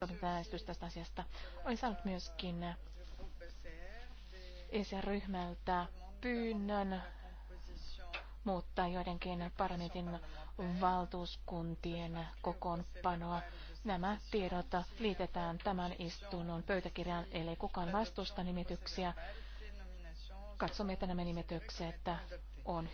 toiminta äänestys tästä asiasta. Olen saanut myöskin ESR-ryhmältä pyynnön muuttaa joidenkin parlamentin valtuuskuntien kokoonpanoa. Nämä tiedot liitetään tämän istunnon pöytäkirjaan, eli kukaan vastusta nimityksiä. Katsomme, että nämä nimitykset on